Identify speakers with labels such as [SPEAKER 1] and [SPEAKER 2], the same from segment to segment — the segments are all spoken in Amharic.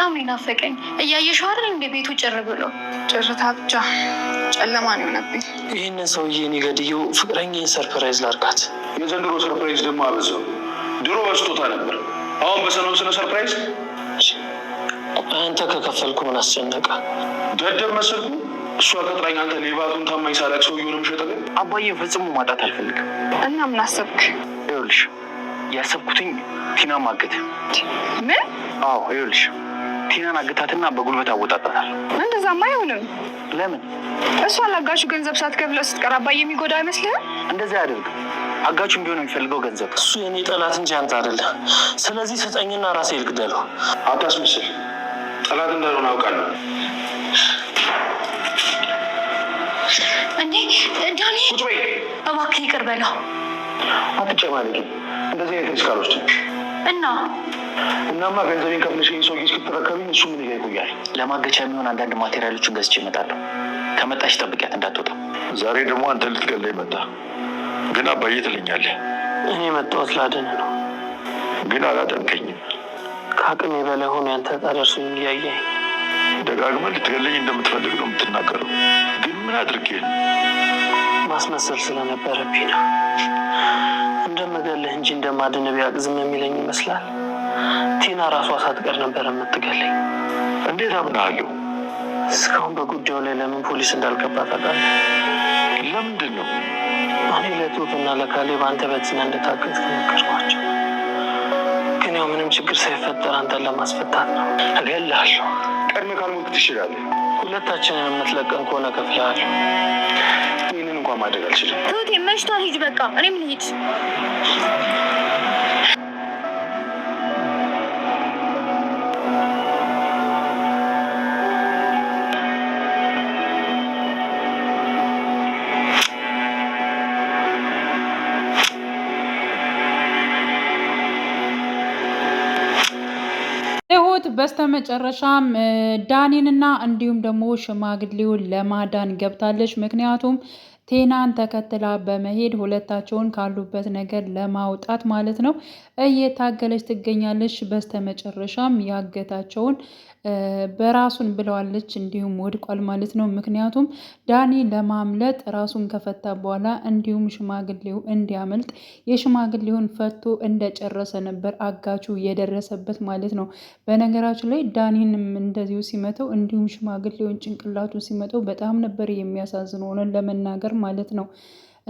[SPEAKER 1] በጣም ነው የናፈቀኝ። እያየሽው አይደል እንደ ቤቱ ጭር ብሎ
[SPEAKER 2] ጭርታ ብቻ ጨለማ ነው የሆነብኝ።
[SPEAKER 3] ይህንን ሰውዬ እኔ ገድዬው ፍቅረኛዬን ሰርፕራይዝ ላድርጋት።
[SPEAKER 4] የዘንድሮ ሰርፕራይዝ ደግሞ አበዛው። ድሮ በስጦታ ነበር፣ አሁን በሰላም ስነ ሰርፕራይዝ።
[SPEAKER 3] አንተ ከከፈልኩ ምን አስጨነቀ?
[SPEAKER 4] ደደብ መሰልኩ። እሷ ቀጥራኝ፣ አንተ ሌባቱን ታማኝ ሳላቅ ሰውዬውን የምሸጠ
[SPEAKER 3] አባዬ ፈጽሞ ማጣት አልፈልግም።
[SPEAKER 1] እና ምን አሰብክ?
[SPEAKER 3] ይኸውልሽ ያሰብኩትኝ ቲና ማገት። ምን? አዎ ይኸውልሽ ቲናን አግታትና በጉልበት አወጣጣታል።
[SPEAKER 1] እንደዛማ አይሆንም። ለምን? እሷ ለአጋቹ ገንዘብ ሳትከፍለው ስትቀራባ የሚጎዳ አይመስልህም?
[SPEAKER 3] እንደዚህ አያደርግም። አጋቹ ቢሆን የሚፈልገው ገንዘብ እሱ የኔ ጠላት እንጂ አንተ አይደለም። ስለዚህ ስጠኝና ራሴ ይልግዳለሁ።
[SPEAKER 4] አታስመስል። ጠላት እንዳልሆነ አውቃለሁ።
[SPEAKER 1] እንዴ ዳኒ፣ እባክህ ይቅር በለው።
[SPEAKER 3] አትጨማለቂ። እንደዚህ አይነት ሪስክ አልወስድም። እና እናማ ገንዘቤን ከፍለሽ ሰው እስክትረከብኝ እሱ ምን ጋ ይቆያል? ለማገቻ የሚሆን አንዳንድ ማቴሪያሎችን ገዝቼ እመጣለሁ። ከመጣሽ ጠብቂያት እንዳትወጣ።
[SPEAKER 4] ዛሬ ደግሞ አንተ ልትገለኝ መጣ። ግን አባዬ ትለኛለህ።
[SPEAKER 3] እኔ መጣሁት ላድን ነው።
[SPEAKER 4] ግን አላጠብከኝም።
[SPEAKER 3] ከአቅሜ በላይ ሆኖ ያንተ ጣደርሱ እያየኝ
[SPEAKER 4] ደጋግመህ ልትገለኝ እንደምትፈልግ ነው የምትናገረው። ግን ምን አድርጌ ነው
[SPEAKER 3] ማስመሰል ስለነበረብኝ ነው። እንደምገልህ እንጂ እንደማድን ቢያቅ ዝም የሚለኝ ይመስላል። ቲና ራሷ ሳትቀር ነበር የምትገለኝ።
[SPEAKER 4] እንዴት አምናለሁ?
[SPEAKER 3] እስካሁን በጉዳዩ ላይ ለምን ፖሊስ እንዳልገባ ታውቃለህ?
[SPEAKER 4] ለምንድን ነው እኔ
[SPEAKER 3] እና ለካሌብ አንተ በቲና እንደታገዝ ከነገርኳቸው ግን ያው ምንም ሰው የፈጠረ አንተን ለማስፈታት ነው።
[SPEAKER 4] እገልሃለሁ። ቀድመህ ካልሞት ትችላለህ።
[SPEAKER 3] ሁለታችንን የምትለቀን ከሆነ እከፍልሃለሁ።
[SPEAKER 4] ይህንን እንኳን ማድረግ አልችልም።
[SPEAKER 1] ትሁቴ መሽቷል። ሂጅ በቃ እኔም ልሂድ።
[SPEAKER 5] ትሁት በስተመጨረሻም ዳኒንና እንዲሁም ደግሞ ሽማግሌውን ለማዳን ገብታለች። ምክንያቱም ቴናን ተከትላ በመሄድ ሁለታቸውን ካሉበት ነገር ለማውጣት ማለት ነው እየታገለች ትገኛለች። በስተመጨረሻም ያገታቸውን በራሱን ብለዋለች፣ እንዲሁም ወድቋል ማለት ነው። ምክንያቱም ዳኒ ለማምለጥ ራሱን ከፈታ በኋላ እንዲሁም ሽማግሌው እንዲያመልጥ የሽማግሌውን ፈቶ እንደጨረሰ ነበር አጋቹ የደረሰበት ማለት ነው። በነገራችን ላይ ዳኒንም እንደዚሁ ሲመተው እንዲሁም ሽማግሌውን ጭንቅላቱ ሲመተው በጣም ነበር የሚያሳዝን ሆነን ለመናገር ማለት ነው።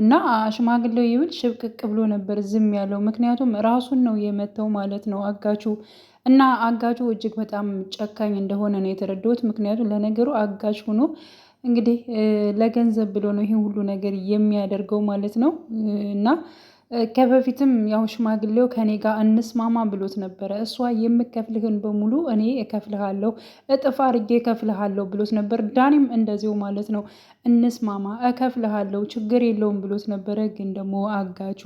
[SPEAKER 5] እና ሽማግሌው ይብል ሽብቅቅ ብሎ ነበር ዝም ያለው፣ ምክንያቱም ራሱን ነው የመተው ማለት ነው አጋቹ እና አጋጁ እጅግ በጣም ጨካኝ እንደሆነ ነው የተረዳሁት። ምክንያቱም ለነገሩ አጋጅ ሆኖ እንግዲህ ለገንዘብ ብሎ ነው ይሄን ሁሉ ነገር የሚያደርገው ማለት ነው እና ከበፊትም ያው ሽማግሌው ከኔ ጋር እንስማማ ብሎት ነበረ። እሷ የምከፍልህን በሙሉ እኔ እከፍልሃለሁ፣ እጥፍ አርጌ እከፍልሃለሁ ብሎት ነበር። ዳኒም እንደዚሁ ማለት ነው። እንስማማ፣ እከፍልሃለሁ፣ ችግር የለውም ብሎት ነበረ። ግን ደግሞ አጋቹ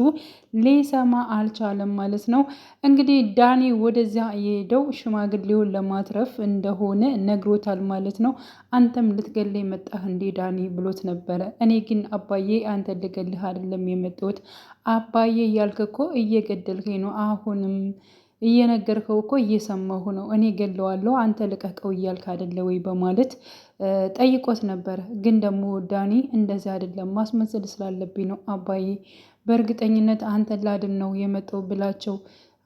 [SPEAKER 5] ሊሰማ አልቻለም ማለት ነው። እንግዲህ ዳኒ ወደዚያ የሄደው ሽማግሌውን ለማትረፍ እንደሆነ ነግሮታል ማለት ነው። አንተም ልትገለኝ መጣህ እንዴ ዳኒ ብሎት ነበረ። እኔ ግን አባዬ አንተ ልገልህ አይደለም የመጣሁት አባዬ እያልክ እኮ እየገደልከኝ ነው። አሁንም እየነገርከው እኮ እየሰማሁ ነው። እኔ ገለዋለሁ አንተ ልቀቀው እያልክ አደለ ወይ በማለት ጠይቆት ነበር። ግን ደግሞ ዳኒ እንደዚህ አይደለም ማስመሰል ስላለብኝ ነው አባዬ፣ በእርግጠኝነት አንተን ላድን ነው የመጣው ብላቸው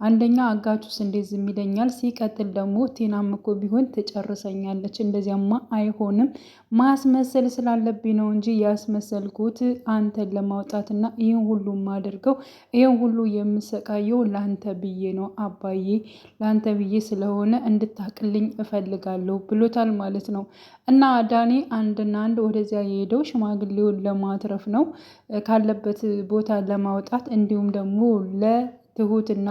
[SPEAKER 5] አንደኛ አጋቹስ እንዴት ዝም ይለኛል? ሲቀጥል ደግሞ ቲናም እኮ ቢሆን ትጨርሰኛለች። እንደዚያማ አይሆንም። ማስመሰል ስላለብኝ ነው እንጂ ያስመሰልኩት አንተን ለማውጣትና ይህን ሁሉ የማደርገው ይህን ሁሉ የምሰቃየው ለአንተ ብዬ ነው አባዬ፣ ለአንተ ብዬ ስለሆነ እንድታቅልኝ እፈልጋለሁ ብሎታል ማለት ነው። እና ዳኔ አንድና አንድ ወደዚያ የሄደው ሽማግሌውን ለማትረፍ ነው፣ ካለበት ቦታ ለማውጣት እንዲሁም ደግሞ ለ ትሁት እና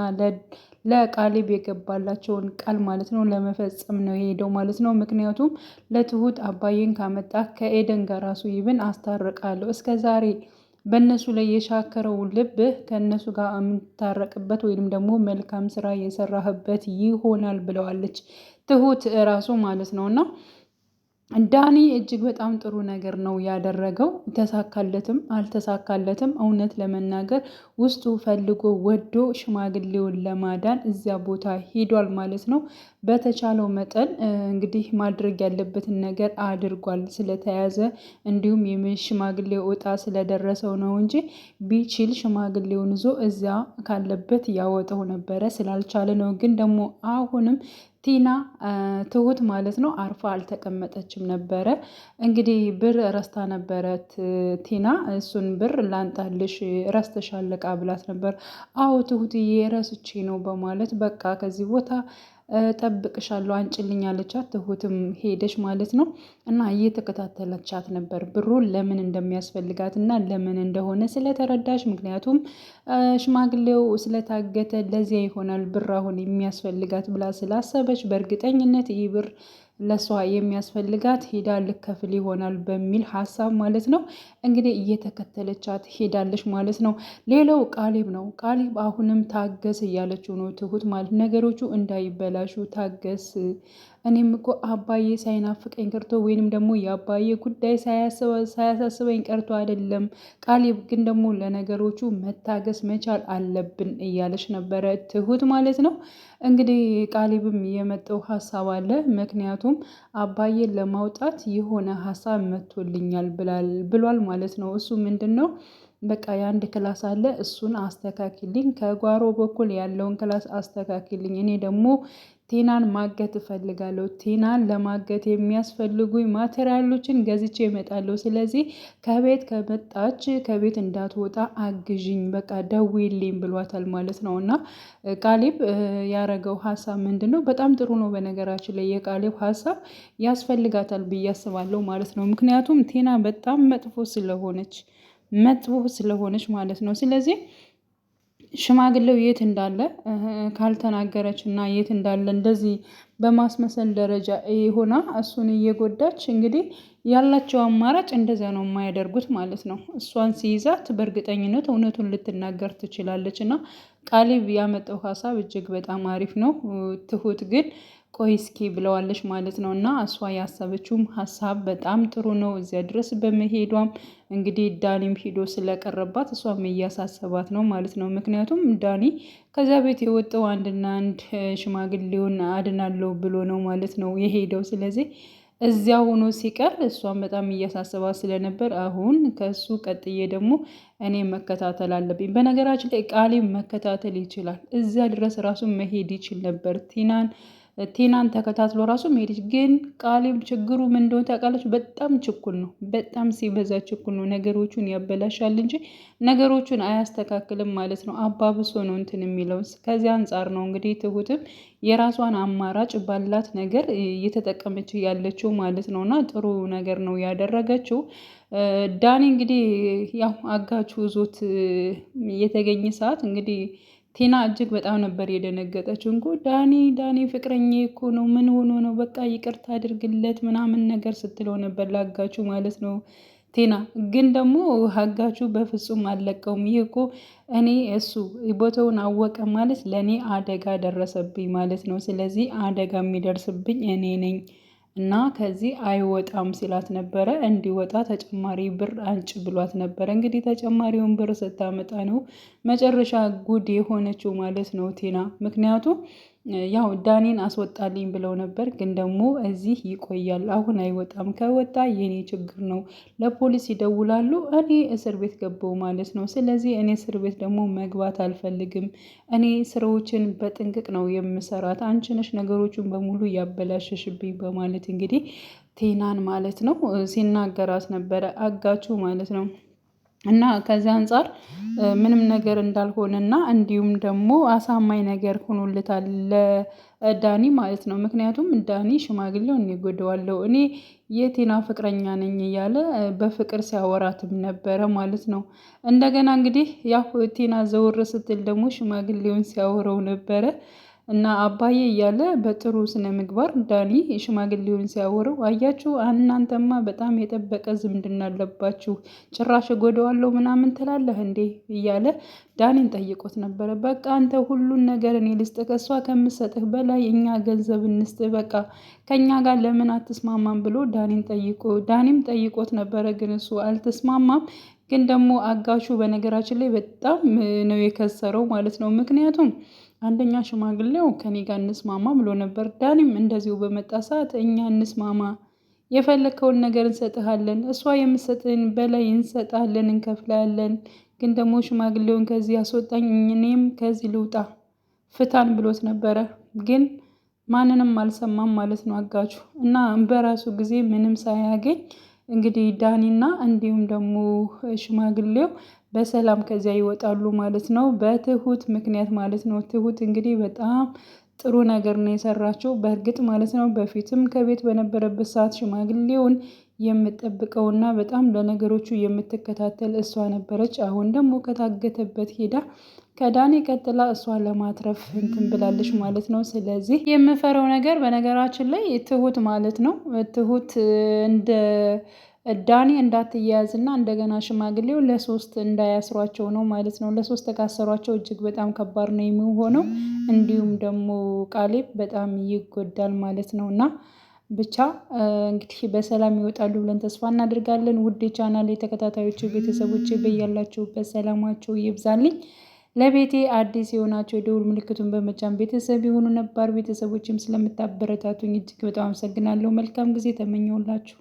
[SPEAKER 5] ለቃሊብ የገባላቸውን ቃል ማለት ነው ለመፈጸም ነው የሄደው ማለት ነው። ምክንያቱም ለትሁት አባዬን ካመጣ ከኤደን ጋር ራሱ ይብን አስታርቃለሁ እስከ ዛሬ በእነሱ ላይ የሻከረው ልብህ ከእነሱ ጋር የምታረቅበት ወይም ደግሞ መልካም ስራ የሰራህበት ይሆናል ብለዋለች ትሁት እራሱ ማለት ነው እና ዳኒ እጅግ በጣም ጥሩ ነገር ነው ያደረገው። ተሳካለትም አልተሳካለትም እውነት ለመናገር ውስጡ ፈልጎ ወዶ ሽማግሌውን ለማዳን እዚያ ቦታ ሄዷል ማለት ነው። በተቻለው መጠን እንግዲህ ማድረግ ያለበትን ነገር አድርጓል። ስለተያዘ እንዲሁም ሽማግሌ እጣ ስለደረሰው ነው እንጂ ቢችል ሽማግሌውን ይዞ እዚያ ካለበት ያወጠው ነበረ። ስላልቻለ ነው። ግን ደግሞ አሁንም ቲና ትሁት ማለት ነው አርፋ አልተቀመጠችም ነበረ። እንግዲህ ብር ረስታ ነበረት ቲና። እሱን ብር ላንጣልሽ ረስተሻለቃ ብላት ነበር። አዎ ትሁትዬ ረስቼ ነው በማለት በቃ ከዚህ ቦታ ጠብቅሻለሁ አንጭልኝ አለቻት። ትሁትም ሄደች ማለት ነው እና እየተከታተለቻት ነበር ብሩን ለምን እንደሚያስፈልጋት እና ለምን እንደሆነ ስለተረዳሽ፣ ምክንያቱም ሽማግሌው ስለታገተ ለዚያ ይሆናል ብር አሁን የሚያስፈልጋት ብላ ስላሰበች በእርግጠኝነት ይህ ብር ለሷ የሚያስፈልጋት ሄዳ ልከፍል ይሆናል በሚል ሀሳብ ማለት ነው እንግዲህ እየተከተለቻት ሄዳለች ማለት ነው። ሌላው ቃሌብ ነው። ቃሌብ አሁንም ታገስ እያለችው ነው ትሁት ማለት ነገሮቹ እንዳይበላሹ ታገስ እኔም እኮ አባዬ ሳይናፍቀኝ ቀርቶ ወይንም ደግሞ የአባዬ ጉዳይ ሳያሳስበኝ ቀርቶ አይደለም፣ ቃሌብ ግን ደግሞ ለነገሮቹ መታገስ መቻል አለብን እያለች ነበረ ትሁት ማለት ነው። እንግዲህ ቃሌብም የመጣው ሀሳብ አለ። ምክንያቱም አባዬን ለማውጣት የሆነ ሀሳብ መጥቶልኛል ብሏል ማለት ነው። እሱ ምንድን ነው በቃ የአንድ ክላስ አለ፣ እሱን አስተካክልኝ፣ ከጓሮ በኩል ያለውን ክላስ አስተካክልኝ፣ እኔ ደግሞ ቴናን ማገት እፈልጋለሁ። ቴናን ለማገት የሚያስፈልጉኝ ማቴሪያሎችን ገዝቼ እመጣለሁ። ስለዚህ ከቤት ከመጣች ከቤት እንዳትወጣ አግዥኝ፣ በቃ ደውዪልኝ ብሏታል ማለት ነው። እና ቃሊብ ያረገው ሀሳብ ምንድን ነው? በጣም ጥሩ ነው። በነገራችን ላይ የቃሊብ ሀሳብ ያስፈልጋታል ብዬ አስባለሁ ማለት ነው። ምክንያቱም ቴና በጣም መጥፎ ስለሆነች መጥፎ ስለሆነች ማለት ነው። ስለዚህ ሽማግሌው የት እንዳለ ካልተናገረች እና የት እንዳለ እንደዚህ በማስመሰል ደረጃ ሆና እሱን እየጎዳች እንግዲህ ያላቸው አማራጭ እንደዚያ ነው የማያደርጉት ማለት ነው። እሷን ሲይዛት በእርግጠኝነት እውነቱን ልትናገር ትችላለች እና ቃሊብ ያመጣው ሀሳብ እጅግ በጣም አሪፍ ነው። ትሁት ግን ቆይ እስኪ ብለዋለች ማለት ነው። እና እሷ ያሰበችውም ሀሳብ በጣም ጥሩ ነው። እዚያ ድረስ በመሄዷም እንግዲህ ዳኒም ሂዶ ስለቀረባት እሷም እያሳሰባት ነው ማለት ነው። ምክንያቱም ዳኒ ከዚያ ቤት የወጣው አንድና አንድ ሽማግሌውን አድናለሁ ብሎ ነው ማለት ነው የሄደው። ስለዚህ እዚያ ሆኖ ሲቀር እሷን በጣም እያሳሰባት ስለነበር አሁን ከሱ ቀጥዬ ደግሞ እኔ መከታተል አለብኝ። በነገራችን ላይ ቃሌ መከታተል ይችላል። እዚያ ድረስ ራሱ መሄድ ይችል ነበር ቲናን ቴናን ተከታትሎ ራሱ መሄደች። ግን ቃሌም ችግሩ ምን እንደሆነ ታውቃለች። በጣም ችኩል ነው፣ በጣም ሲበዛ ችኩል ነው። ነገሮቹን ያበላሻል እንጂ ነገሮቹን አያስተካክልም ማለት ነው። አባብሶ ነው እንትን የሚለው። ከዚህ አንጻር ነው እንግዲህ ትሁትም የራሷን አማራጭ ባላት ነገር እየተጠቀመች ያለችው ማለት ነው። እና ጥሩ ነገር ነው ያደረገችው። ዳኒ እንግዲህ ያው አጋቹ ዞት የተገኘ ሰዓት እንግዲህ ቲና እጅግ በጣም ነበር የደነገጠችው። እንኮ ዳኒ ዳኒ ፍቅረኛ እኮ ነው፣ ምን ሆኖ ነው? በቃ ይቅርታ አድርግለት ምናምን ነገር ስትለው ነበር ላጋችሁ ማለት ነው። ቴና ግን ደግሞ ሀጋችሁ በፍጹም አለቀውም። ይህ እኮ እኔ እሱ ቦታውን አወቀ ማለት ለእኔ አደጋ ደረሰብኝ ማለት ነው። ስለዚህ አደጋ የሚደርስብኝ እኔ ነኝ እና ከዚህ አይወጣም ሲላት ነበረ። እንዲወጣ ተጨማሪ ብር አንጭ ብሏት ነበረ። እንግዲህ ተጨማሪውን ብር ስታመጣ ነው መጨረሻ ጉድ የሆነችው ማለት ነው ቲና ምክንያቱም ያው ዳኔን አስወጣልኝ ብለው ነበር፣ ግን ደግሞ እዚህ ይቆያል። አሁን አይወጣም። ከወጣ የኔ ችግር ነው። ለፖሊስ ይደውላሉ። እኔ እስር ቤት ገባው ማለት ነው። ስለዚህ እኔ እስር ቤት ደግሞ መግባት አልፈልግም። እኔ ስራዎችን በጥንቅቅ ነው የምሰራት። አንቺ ነሽ ነገሮቹን በሙሉ ያበላሸሽብኝ በማለት እንግዲህ ቴናን ማለት ነው ሲናገራት ነበረ። አጋቹ ማለት ነው። እና ከዚህ አንጻር ምንም ነገር እንዳልሆነና እንዲሁም ደግሞ አሳማኝ ነገር ሆኖለታል ለዳኒ ማለት ነው። ምክንያቱም ዳኒ ሽማግሌውን እኔ ጎደዋለሁ እኔ የቴና ፍቅረኛ ነኝ እያለ በፍቅር ሲያወራትም ነበረ ማለት ነው። እንደገና እንግዲህ ያው ቴና ዘውር ስትል ደግሞ ሽማግሌውን ሲያወራው ነበረ። እና አባዬ እያለ በጥሩ ስነ ምግባር ዳኒ ሽማግሌውን ሲያወረው አያችሁ፣ እናንተማ በጣም የጠበቀ ዝምድና አለባችሁ፣ ጭራሽ ጎደዋለሁ ምናምን ትላለህ እንዴ እያለ ዳኒን ጠይቆት ነበረ። በቃ አንተ ሁሉን ነገር እኔ ልስጥ፣ ከእሷ ከምሰጥህ በላይ እኛ ገንዘብ እንስጥ፣ በቃ ከእኛ ጋር ለምን አትስማማም ብሎ ዳኒን ጠይቆ ዳኒም ጠይቆት ነበረ፣ ግን እሱ አልተስማማም። ግን ደግሞ አጋሹ በነገራችን ላይ በጣም ነው የከሰረው ማለት ነው ምክንያቱም አንደኛ ሽማግሌው ከኔ ጋር እንስማማ ብሎ ነበር። ዳኒም እንደዚሁ በመጣ ሰዓት እኛ እንስማማ፣ የፈለግከውን ነገር እንሰጥሃለን፣ እሷ የምሰጥህን በላይ እንሰጣለን እንከፍላለን። ግን ደግሞ ሽማግሌውን ከዚህ ያስወጣኝ፣ እኔም ከዚህ ልውጣ፣ ፍታን ብሎት ነበረ። ግን ማንንም አልሰማም ማለት ነው አጋቹ እና በራሱ ጊዜ ምንም ሳያገኝ እንግዲህ ዳኒና እንዲሁም ደግሞ ሽማግሌው በሰላም ከዚያ ይወጣሉ ማለት ነው። በትሁት ምክንያት ማለት ነው። ትሁት እንግዲህ በጣም ጥሩ ነገር ነው የሰራችው በእርግጥ ማለት ነው። በፊትም ከቤት በነበረበት ሰዓት ሽማግሌውን የምጠብቀውና በጣም ለነገሮቹ የምትከታተል እሷ ነበረች። አሁን ደግሞ ከታገተበት ሄዳ ከዳኔ ቀጥላ እሷ ለማትረፍ እንትን ብላለች ማለት ነው። ስለዚህ የምፈረው ነገር በነገራችን ላይ ትሁት ማለት ነው። ትሁት እንደ ዳኒ እንዳትያያዝ እና እንደገና ሽማግሌው ለሶስት እንዳያስሯቸው ነው ማለት ነው። ለሶስት ተካሰሯቸው እጅግ በጣም ከባድ ነው የሚሆነው። እንዲሁም ደግሞ ቃሌብ በጣም ይጎዳል ማለት ነው እና ብቻ እንግዲህ በሰላም ይወጣሉ ብለን ተስፋ እናደርጋለን። ውድ ቻናል የተከታታዮች ቤተሰቦች በያላችሁበት ሰላማቸው ይብዛልኝ። ለቤቴ አዲስ የሆናቸው የደውል ምልክቱን በመጫን ቤተሰብ የሆኑ ነባር ቤተሰቦችም ስለምታበረታቱኝ እጅግ በጣም አመሰግናለሁ። መልካም ጊዜ ተመኘውላችሁ።